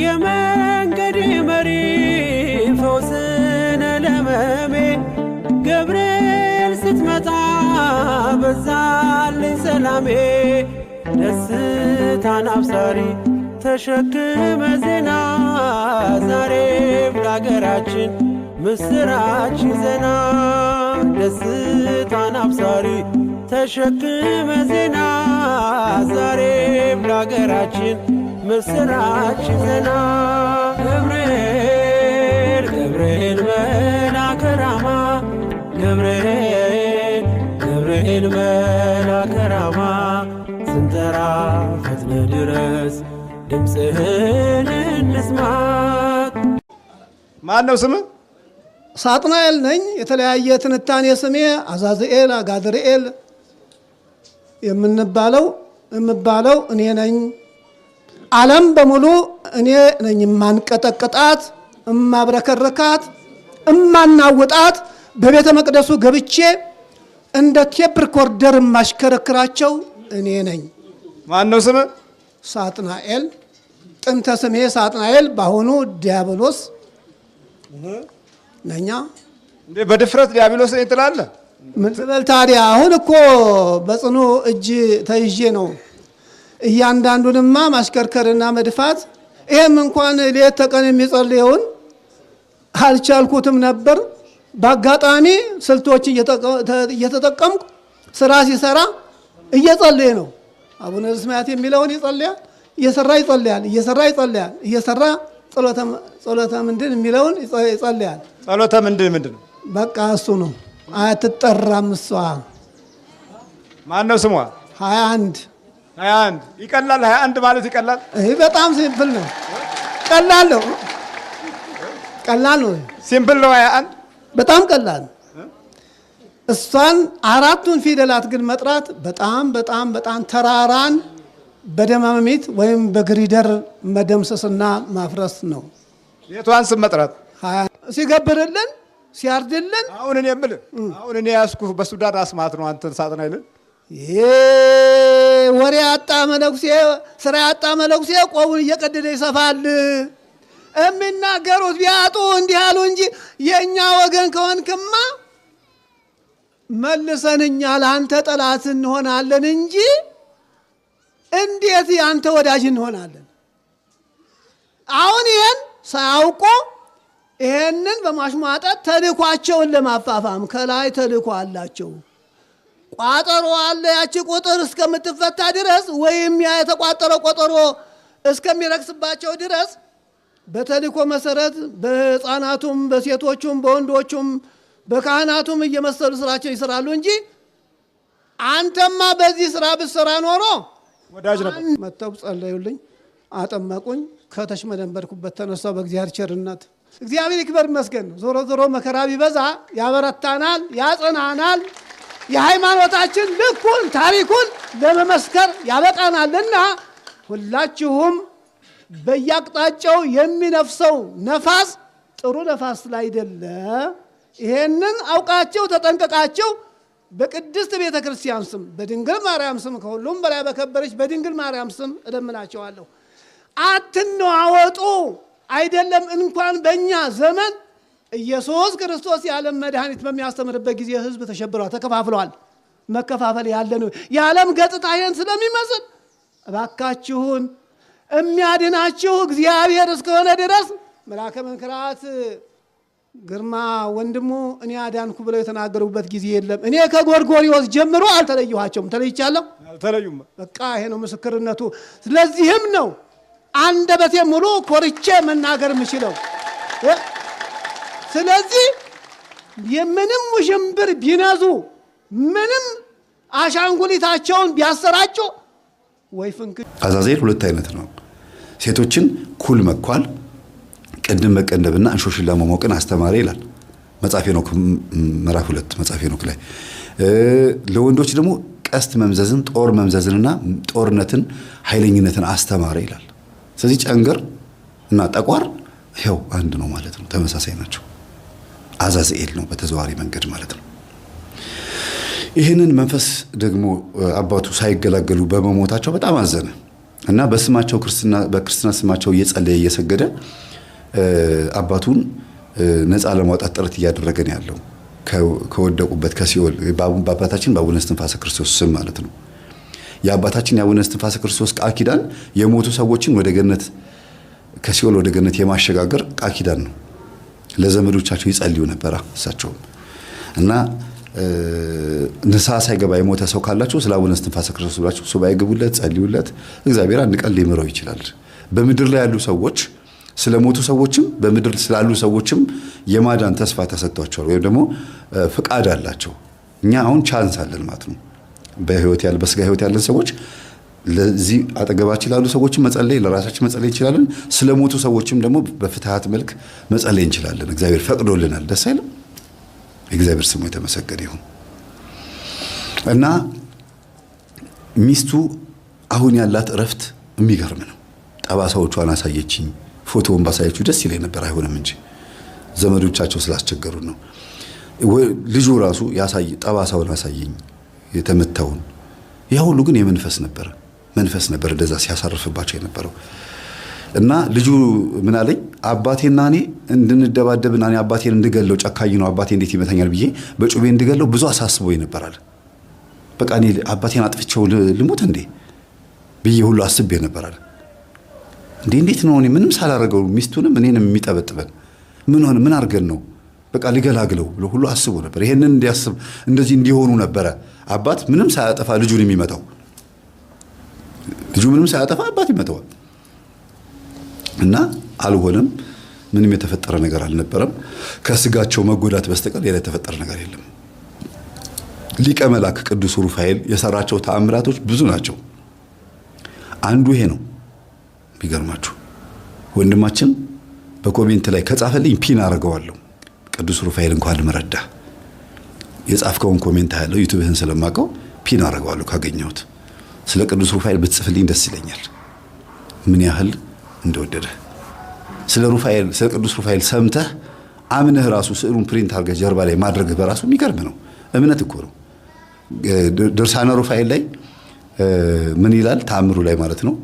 የመንገድ መሪ ፈውስነ ለመሜ ገብርኤል ስትመጣ በዛልኝ ሰላሜ ደስታን አብሳሪ ተሸክመ ዜና ዛሬም ለአገራችን ምስራች ዜና ደስታን አብሳሪ ተሸክመ ዜና ዛሬም ለአገራችን የምስራች ዜና ገብርኤል ገብርኤል መልአከ ራማ ገብርኤል ገብርኤል መልአከ ራማ ስንጠራ ፈጥነ ድረስ ድምፅህን እንስማት። ማን ነው ስም? ሳጥናኤል ነኝ። የተለያየ ትንታኔ ስሜ አዛዝኤል አጋድርኤል የምንባለው የምባለው እኔ ነኝ። ዓለም በሙሉ እኔ ነኝ እማንቀጠቅጣት፣ እማብረከረካት፣ እማናውጣት በቤተ መቅደሱ ገብቼ እንደ ቴፕ ሪኮርደር የማሽከረክራቸው እኔ ነኝ። ማን ነው ስም? ሳጥናኤል። ጥንተ ስሜ ሳጥናኤል፣ በአሁኑ ዲያብሎስ ነኛ። እንዴ በድፍረት ዲያብሎስ ነኝ ትላለህ? ምን ትበል ታዲያ? አሁን እኮ በጽኑ እጅ ተይዤ ነው እያንዳንዱንማ ማሽከርከርና መድፋት ይህም እንኳን ሌት ተቀን የሚጸልየውን አልቻልኩትም ነበር። በአጋጣሚ ስልቶች እየተጠቀምኩ ስራ ሲሰራ እየጸለየ ነው። አቡነ ስማያት የሚለውን ይጸልያል፣ እየሰራ ይጸልያል፣ እየሰራ ይጸልያል፣ እየሰራ ጸሎተ ምንድን የሚለውን ይጸልያል። ጸሎተ ምንድን ምንድን ነው? በቃ እሱ ነው። አትጠራም እሷ ማነው ስሟ? ሀያ አንድ ሀያ አንድ ይቀላል። ሀያ ማለት ይቀላል። ይህ በጣም ሲምፕል ነው። ቀላል ነው። ቀላል ነው። ሲምፕል ነው። ሀያ አንድ በጣም ቀላል እሷን አራቱን ፊደላት ግን መጥራት በጣም በጣም በጣም ተራራን በደማሚት ወይም በግሪደር መደምሰስና ማፍረስ ነው። የቷን ስም መጥራት ሲገብርልን ሲያርድልን። አሁን እኔ የምልህ አሁን እኔ ያዝኩህ በሱዳን አስማት ነው አንተን ሳጥን አይልን ይሄ ወሬ ያጣ መነኩሴ ስራ ያጣ መነኩሴ ቆቡን እየቀደደ ይሰፋል። የሚናገሩት ቢያጡ እንዲህ አሉ እንጂ የእኛ ወገን ከሆንክማ መልሰን እኛ ለአንተ ጠላት እንሆናለን እንጂ እንዴት የአንተ ወዳጅ እንሆናለን? አሁን ይህን ሳያውቁ ይሄንን በማሽሟጠጥ ተልኳቸውን ለማፋፋም ከላይ ተልኮ አላቸው። ቋጠሮ አለ። ያቺ ቁጥር እስከምትፈታ ድረስ ወይም ያ የተቋጠረ ቆጠሮ እስከሚረክስባቸው ድረስ በተልእኮ መሰረት በሕፃናቱም በሴቶቹም በወንዶቹም በካህናቱም እየመሰሉ ስራቸው ይሰራሉ እንጂ አንተማ በዚህ ስራ ብትሰራ ኖሮ ወዳጅ ነበር። መጥተው ጸለዩልኝ፣ አጠመቁኝ። ከተሽመደንበድኩበት ተነሳው በእግዚአብሔር ቸርነት እግዚአብሔር ይክበር ይመስገን። ዞሮ ዞሮ መከራ ቢበዛ ያበረታናል፣ ያጸናናል። የሃይማኖታችን ልኩን ታሪኩን ለመመስከር ያበቃናልና ሁላችሁም በየአቅጣጫው የሚነፍሰው ነፋስ ጥሩ ነፋስ ስላይደለ ይሄንን አውቃቸው ተጠንቀቃቸው በቅድስት ቤተ ክርስቲያን ስም በድንግል ማርያም ስም ከሁሉም በላይ በከበረች በድንግል ማርያም ስም እለምናቸዋለሁ። አትነዋወጡ። አይደለም እንኳን በእኛ ዘመን ኢየሱስ ክርስቶስ የዓለም መድኃኒት በሚያስተምርበት ጊዜ ህዝብ ተሸብረዋል፣ ተከፋፍለዋል። መከፋፈል ያለ ነው። የዓለም ገጽታ ይህን ስለሚመስል እባካችሁን የሚያድናችሁ እግዚአብሔር እስከሆነ ድረስ መልአከ መንክራት ግርማ ወንድሙ እኔ አዳንኩ ብለው የተናገሩበት ጊዜ የለም። እኔ ከጎርጎሪዎስ ጀምሮ አልተለየኋቸውም። ተለይቻለሁ? አልተለዩም። በቃ ይሄ ነው ምስክርነቱ። ስለዚህም ነው አንደበቴ ሙሉ ኮርቼ መናገር የምችለው። ስለዚህ የምንም ውዥንብር ቢነዙ ምንም አሻንጉሊታቸውን ቢያሰራጩ ወይ ፍንክ አዛዜል ሁለት አይነት ነው። ሴቶችን ኩል መኳል፣ ቅንድብ መቀነብና እንሾሽላ መሞቅን አስተማሪ ይላል መጽሐፈ ሄኖክ ምዕራፍ ሁለት መጽሐፈ ሄኖክ ላይ። ለወንዶች ደግሞ ቀስት መምዘዝን፣ ጦር መምዘዝንና ጦርነትን፣ ኃይለኝነትን አስተማሪ ይላል። ስለዚህ ጨንገር እና ጠቋር ያው አንድ ነው ማለት ነው። ተመሳሳይ ናቸው። አዛዝኤል ነው በተዘዋሪ መንገድ ማለት ነው። ይህንን መንፈስ ደግሞ አባቱ ሳይገላገሉ በመሞታቸው በጣም አዘነ እና በስማቸው በክርስትና ስማቸው እየጸለየ እየሰገደ አባቱን ነፃ ለማውጣት ጥረት እያደረገን ያለው ከወደቁበት ከሲኦል በአባታችን በአቡነ እስትንፋሰ ክርስቶስ ስም ማለት ነው። የአባታችን የአቡነ እስትንፋሰ ክርስቶስ ቃል ኪዳን የሞቱ ሰዎችን ወደ ገነት ከሲኦል ወደ ገነት የማሸጋገር ቃል ኪዳን ነው። ለዘመዶቻቸው ይጸልዩ ነበራ እሳቸውም እና ንሳ ሳይገባ የሞተ ሰው ካላችሁ ስለ አቡነ እስትንፋሰ ክርስቶስ ብላችሁ እሱ ባይገቡለት ጸልዩለት። እግዚአብሔር አንድ ቀን ሊምረው ይችላል። በምድር ላይ ያሉ ሰዎች ስለ ሞቱ ሰዎችም በምድር ስላሉ ሰዎችም የማዳን ተስፋ ተሰጥቷቸዋል፣ ወይም ደግሞ ፍቃድ አላቸው። እኛ አሁን ቻንስ አለን ማለት ነው። በህይወት ያለ በስጋ ህይወት ያለን ሰዎች ለዚህ አጠገባችን ላሉ ሰዎችም መጸለይ ለራሳችን መጸለይ እንችላለን። ስለሞቱ ሰዎችም ደግሞ በፍትሃት መልክ መጸለይ እንችላለን። እግዚአብሔር ፈቅዶልናል። ደስ አይልም? እግዚአብሔር ስሙ የተመሰገነ ይሁን እና ሚስቱ አሁን ያላት እረፍት የሚገርም ነው። ጠባሳዎቿን አሳየችኝ። ፎቶውን ባሳየችው ደስ ይለኝ ነበር፣ አይሆንም እንጂ ዘመዶቻቸው ስላስቸገሩ ነው። ልጁ ራሱ ጠባሳውን አሳየኝ የተመታውን። ያ ሁሉ ግን የመንፈስ ነበረ። መንፈስ ነበር እንደዛ ሲያሳርፍባቸው የነበረው እና ልጁ ምን አለኝ፣ አባቴና እኔ እንድንደባደብና እኔ አባቴን እንድገለው ጨካኝ ነው አባቴ እንዴት ይመታኛል ብዬ በጩቤ እንድገለው ብዙ አሳስቦ ይነበራል። በቃ እኔ አባቴን አጥፍቸው ልሙት እንዴ ብዬ ሁሉ አስቤ ነበራል። እንዴ እንዴት ነው እኔ ምንም ሳላረገው ሚስቱንም እኔንም የሚጠበጥበን ምን ሆነ ምን አድርገን ነው በቃ ልገላግለው ብሎ ሁሉ አስቦ ነበር። ይሄንን እንዲያስብ እንደዚህ እንዲሆኑ ነበረ አባት ምንም ሳያጠፋ ልጁን የሚመታው ልጁ ምንም ሳያጠፋ አባት ይመተዋል እና አልሆነም። ምንም የተፈጠረ ነገር አልነበረም። ከስጋቸው መጎዳት በስተቀር ሌላ የተፈጠረ ነገር የለም። ሊቀ መላክ ቅዱስ ሩፋኤል የሰራቸው ተአምራቶች ብዙ ናቸው። አንዱ ይሄ ነው። ቢገርማችሁ ወንድማችን በኮሜንት ላይ ከጻፈልኝ ፒን አደርገዋለሁ። ቅዱስ ሩፋኤል እንኳን ልመረዳ የጻፍከውን ኮሜንት ያለው ዩቱብህን ስለማውቀው ፒን አደርገዋለሁ ካገኘሁት ስለ ቅዱስ ሩፋኤል ብትጽፍልኝ ደስ ይለኛል፣ ምን ያህል እንደወደደ ስለ ሩፋኤል ስለ ቅዱስ ሩፋኤል ሰምተህ አምነህ ራሱ ስዕሉን ፕሪንት አድርገህ ጀርባ ላይ ማድረግህ በራሱ የሚገርም ነው። እምነት እኮ ነው። ድርሳነ ሩፋኤል ላይ ምን ይላል? ተአምሩ ላይ ማለት ነው።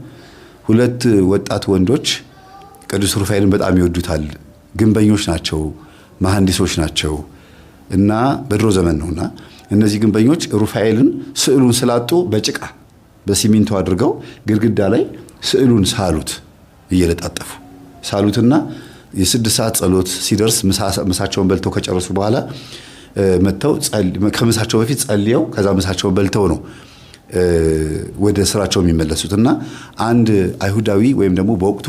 ሁለት ወጣት ወንዶች ቅዱስ ሩፋኤልን በጣም ይወዱታል። ግንበኞች ናቸው፣ መሐንዲሶች ናቸው እና በድሮ ዘመን ነውና እነዚህ ግንበኞች ሩፋኤልን ስዕሉን ስላጡ በጭቃ በሲሚንቶ አድርገው ግድግዳ ላይ ስዕሉን ሳሉት እየለጣጠፉ ሳሉትና የስድስት ሰዓት ጸሎት ሲደርስ ምሳቸውን በልተው ከጨረሱ በኋላ መጥተው ከምሳቸው በፊት ጸልየው ከዛ ምሳቸውን በልተው ነው ወደ ስራቸው የሚመለሱት እና አንድ አይሁዳዊ ወይም ደግሞ በወቅቱ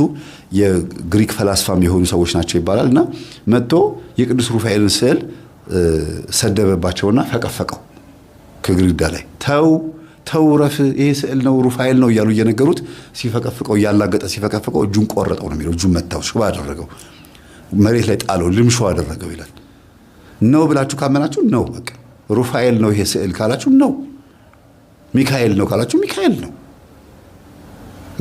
የግሪክ ፈላስፋም የሆኑ ሰዎች ናቸው ይባላል እና መጥቶ የቅዱስ ሩፋኤልን ስዕል ሰደበባቸውና ፈቀፈቀው ከግድግዳ ላይ ተው ተውረፍ ይሄ ስዕል ነው ሩፋኤል ነው እያሉ እየነገሩት ሲፈቀፍቀው እያላገጠ ሲፈቀፍቀው እጁን ቆረጠው ነው የሚለው። እጁን መታው፣ ሽባ አደረገው፣ መሬት ላይ ጣለው፣ ልምሾ አደረገው ይላል። ነው ብላችሁ ካመናችሁ ነው በቃ ሩፋኤል ነው ይሄ ስዕል ካላችሁ ነው። ሚካኤል ነው ካላችሁ ሚካኤል ነው።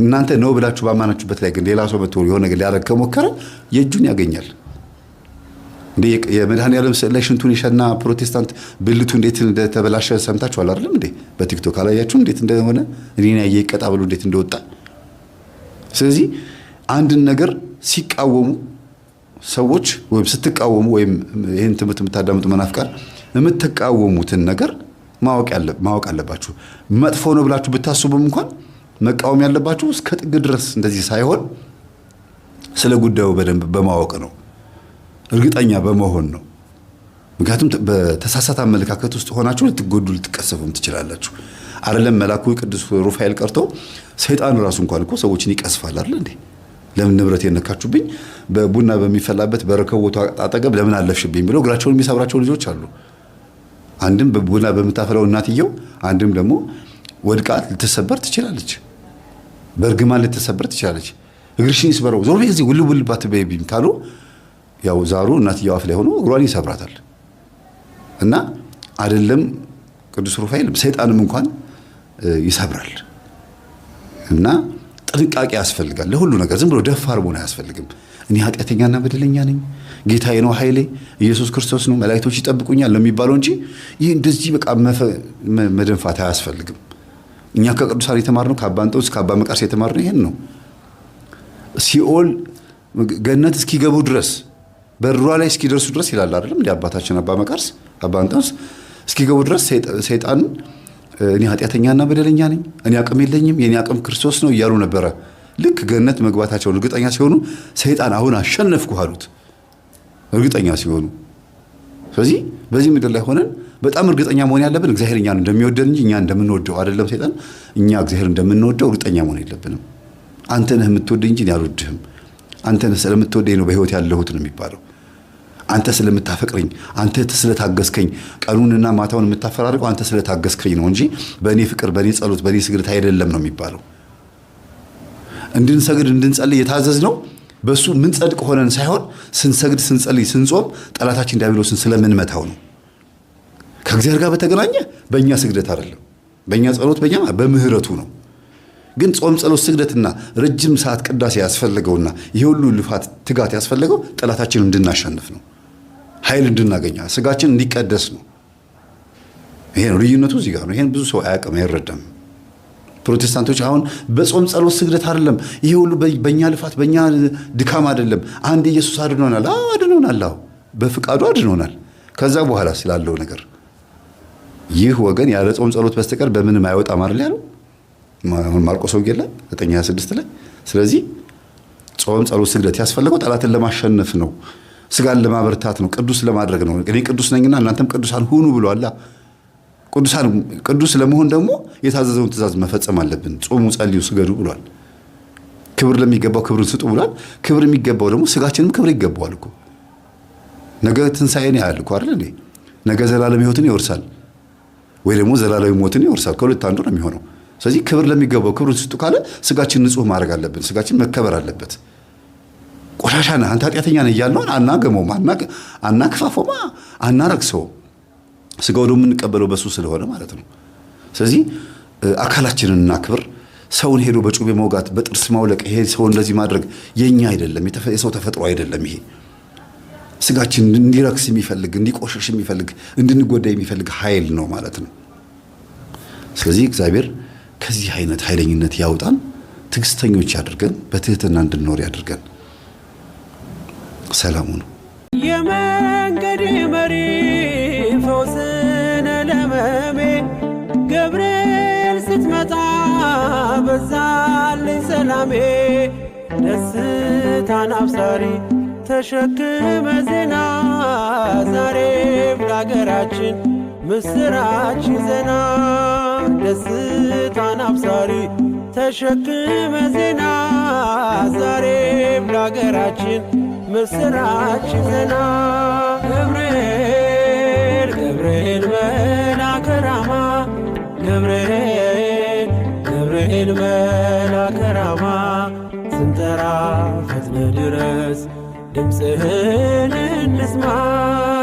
እናንተ ነው ብላችሁ ባማናችሁበት ላይ ግን ሌላ ሰው መቶ የሆነ ነገር ሊያደርግ ከሞከረ የእጁን ያገኛል። እንደ የመድኃኔዓለም ስዕል ላይ ሽንቱን የሸና ፕሮቴስታንት ብልቱ እንዴት እንደተበላሸ ሰምታችኋል አይደለም እንዴ? በቲክቶክ አላያችሁ እንዴት እንደሆነ እኔን ያየ ይቀጣ ብሎ እንዴት እንደወጣ። ስለዚህ አንድን ነገር ሲቃወሙ ሰዎች ወይም ስትቃወሙ ወይም ይህን ትምህርት የምታዳምጡ መናፍቃን የምትቃወሙትን ነገር ማወቅ አለባችሁ። መጥፎ ነው ብላችሁ ብታስቡም እንኳን መቃወም ያለባችሁ እስከ ጥግ ድረስ እንደዚህ ሳይሆን ስለ ጉዳዩ በደንብ በማወቅ ነው። እርግጠኛ በመሆን ነው። ምክንያቱም በተሳሳተ አመለካከት ውስጥ ሆናችሁ ልትጎዱ ልትቀሰፉም ትችላላችሁ። አይደለም መላኩ ቅዱስ ሩፋኤል ቀርቶ ሰይጣን ራሱ እንኳን እኮ ሰዎችን ይቀስፋል አይደል እንዴ? ለምን ንብረት የነካችሁብኝ፣ በቡና በሚፈላበት በረከቦቱ አጠገብ ለምን አለፍሽብኝ ብለው እግራቸውን የሚሰብራቸው ልጆች አሉ። አንድም በቡና በምታፈላው እናትየው፣ አንድም ደግሞ ወድቃት ልትሰበር ትችላለች። በእርግማን ልትሰበር ትችላለች። እግርሽን ይስበረው ዞር እዚህ ውልውልባት ቤቢም ካሉ ያው ዛሩ እናትየው አፍ ላይ ሆኖ እግሯን ይሰብራታል። እና አይደለም ቅዱስ ሩፋኤል ሰይጣንም እንኳን ይሰብራል። እና ጥንቃቄ ያስፈልጋል ለሁሉ ነገር። ዝም ብሎ ደፋር መሆን አያስፈልግም። እኔ ኃጢአተኛና በደለኛ ነኝ፣ ጌታዬ ነው ኃይሌ፣ ኢየሱስ ክርስቶስ ነው፣ መላእክቶች ይጠብቁኛል ለሚባለው እንጂ ይህ እንደዚህ በቃ መደንፋት አያስፈልግም። እኛ ከቅዱሳን የተማርነው ከአባ እንጦንስ ከአባ መቃርስ የተማርነው ይሄን ነው። ሲኦል ገነት እስኪገቡ ድረስ በሯ ላይ እስኪደርሱ ድረስ ይላል አይደለም እንዲ አባታችን አባ መቃርስ አባ እንጣንስ እስኪገቡ ድረስ ሰይጣን እኔ ኃጢአተኛና በደለኛ ነኝ፣ እኔ አቅም የለኝም፣ የእኔ አቅም ክርስቶስ ነው እያሉ ነበረ። ልክ ገነት መግባታቸውን እርግጠኛ ሲሆኑ ሰይጣን አሁን አሸነፍኩ አሉት፣ እርግጠኛ ሲሆኑ። ስለዚህ በዚህ ምድር ላይ ሆነን በጣም እርግጠኛ መሆን ያለብን እግዚአብሔር እኛን እንደሚወደን እንጂ እኛ እንደምንወደው አይደለም። ሰይጣን እኛ እግዚአብሔር እንደምንወደው እርግጠኛ መሆን የለብንም። አንተ ነህ የምትወደኝ እንጂ እኔ አልወድህም፣ አንተ ነህ ስለምትወደኝ ነው በህይወት ያለሁት ነው የሚባለው። አንተ ስለምታፈቅረኝ፣ አንተ ስለታገስከኝ፣ ቀኑንና ማታውን የምታፈራርቀው አንተ ስለታገስከኝ ነው እንጂ በእኔ ፍቅር፣ በእኔ ጸሎት፣ በእኔ ስግደት አይደለም ነው የሚባለው። እንድንሰግድ እንድንጸልይ የታዘዝ ነው በእሱ ምን ጸድቅ ሆነን ሳይሆን ስንሰግድ፣ ስንጸልይ፣ ስንጾም ጠላታችን ዲያብሎስን ስለምንመታው ነው። ከእግዚአብሔር ጋር በተገናኘ በእኛ ስግደት አይደለም፣ በእኛ ጸሎት፣ በእኛ በምህረቱ ነው። ግን ጾም፣ ጸሎት፣ ስግደትና ረጅም ሰዓት ቅዳሴ ያስፈለገውና ይህ ሁሉ ልፋት ትጋት ያስፈለገው ጠላታችን እንድናሸንፍ ነው። ኃይል እንድናገኛ ስጋችን እንዲቀደስ ነው። ይሄ ነው ልዩነቱ፣ እዚህ ጋር ነው። ይሄን ብዙ ሰው አያውቅም፣ አይረዳም። ፕሮቴስታንቶች አሁን በጾም ጸሎት፣ ስግደት አይደለም ይሄ ሁሉ በእኛ ልፋት በእኛ ድካም አይደለም። አንድ ኢየሱስ አድኖናል። አዎ አድኖናል። አዎ በፍቃዱ አድኖናል። ከዛ በኋላ ስላለው ነገር ይህ ወገን ያለ ጾም ጸሎት በስተቀር በምንም አይወጣም አይደል ያለው ማርቆስ ወንጌል ላይ 9 ላይ። ስለዚህ ጾም ጸሎት፣ ስግደት ያስፈለገው ጠላትን ለማሸነፍ ነው። ስጋን ለማበርታት ነው፣ ቅዱስ ለማድረግ ነው። እኔ ቅዱስ ነኝና እናንተም ቅዱሳን ሁኑ ብሏላ። ቅዱስ ለመሆን ደግሞ የታዘዘውን ትእዛዝ መፈጸም አለብን። ጾሙ፣ ጸልዩ፣ ስገዱ ብሏል። ክብር ለሚገባው ክብርን ስጡ ብሏል። ክብር የሚገባው ደግሞ ስጋችንም ክብር ይገባዋል እኮ ነገ ትንሣኤን ያህል እኮ አይደል እንዴ? ነገ ዘላለም ህይወትን ይወርሳል ወይ ደግሞ ዘላለም ሞትን ይወርሳል። ከሁለት አንዱ ነው የሚሆነው። ስለዚህ ክብር ለሚገባው ክብርን ስጡ ካለ ስጋችን ንጹህ ማድረግ አለብን። ስጋችን መከበር አለበት። ቆሻሻ ነህ አንተ ኃጢአተኛ ነህ እያልነውን አናገመውም፣ አናክፋፎማ፣ አናረክሰውም። ስጋ ደግሞ የምንቀበለው በሱ ስለሆነ ማለት ነው። ስለዚህ አካላችንን እናክብር። ሰውን ሄዶ በጩቤ መውጋት፣ በጥርስ ማውለቅ፣ ይሄ ሰው እንደዚህ ማድረግ የኛ አይደለም፣ የሰው ተፈጥሮ አይደለም። ይሄ ስጋችን እንዲረክስ የሚፈልግ እንዲቆሸሽ የሚፈልግ እንድንጎዳ የሚፈልግ ኃይል ነው ማለት ነው። ስለዚህ እግዚአብሔር ከዚህ አይነት ኃይለኝነት ያውጣን፣ ትዕግስተኞች ያድርገን፣ በትህትና እንድንኖር ያድርገን። ሰላሙ ነው። የመንገድ መሪ ፈውስነ ለመሜ ገብርኤል ስትመጣ በዛልኝ ሰላሜ ደስታን አብሳሪ ተሸክመ ዜና ዛሬም ለአገራችን ምስራች ዜና ደስታን አብሳሪ ተሸክመ ዜና ዛሬም ለአገራችን ምስራች ዜና ገብርኤል ገብርኤል መልአከ ራማ ገብርኤል ገብርኤል መልአከ ራማ ስንጠራ ፈጥነ ድረስ ድምፅህን እንስማ